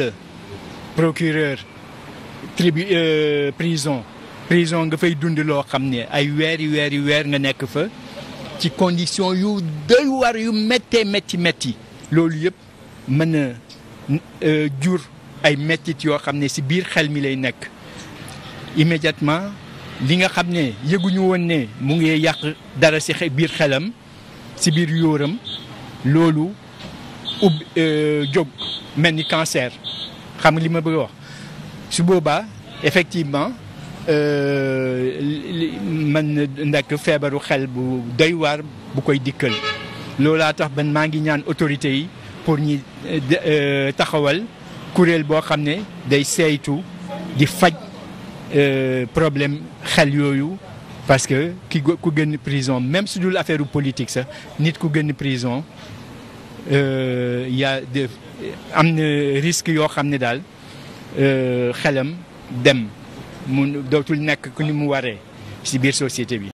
de procureur tribu euh, prison prison nga fay dund loo xam ne ay weer yu weer yu weer nga nekk fa ci condition yu doy war yu méttee métti métti loolu yëpp mën a euh, jur ay méttit yoo xam ne si biir xel mi lay nekk immédiatement li nga xam ne yëguñu woon ne mu ngi yàq dara si biir xelam si biir yóoram loolu ub euh, jóg mel ni cancer xam nga li ma bëgg wax su boobaa effectivement euh, man ndekk feebaru xel bu doy waar bu koy dikkal loolaa tax ban maa ngi ñaan autorités yi pour ñi euh, taxawal kuréel boo xam ne day saytu di faj euh, problème xel yooyu parce que ki ku gën prison même su dul affaire politique sax nit ku gën prison Euh, y a des am na risque yoo xam ne daal euh, xelam dem mu dootul nekk ku ni mu waree ci biir société bi.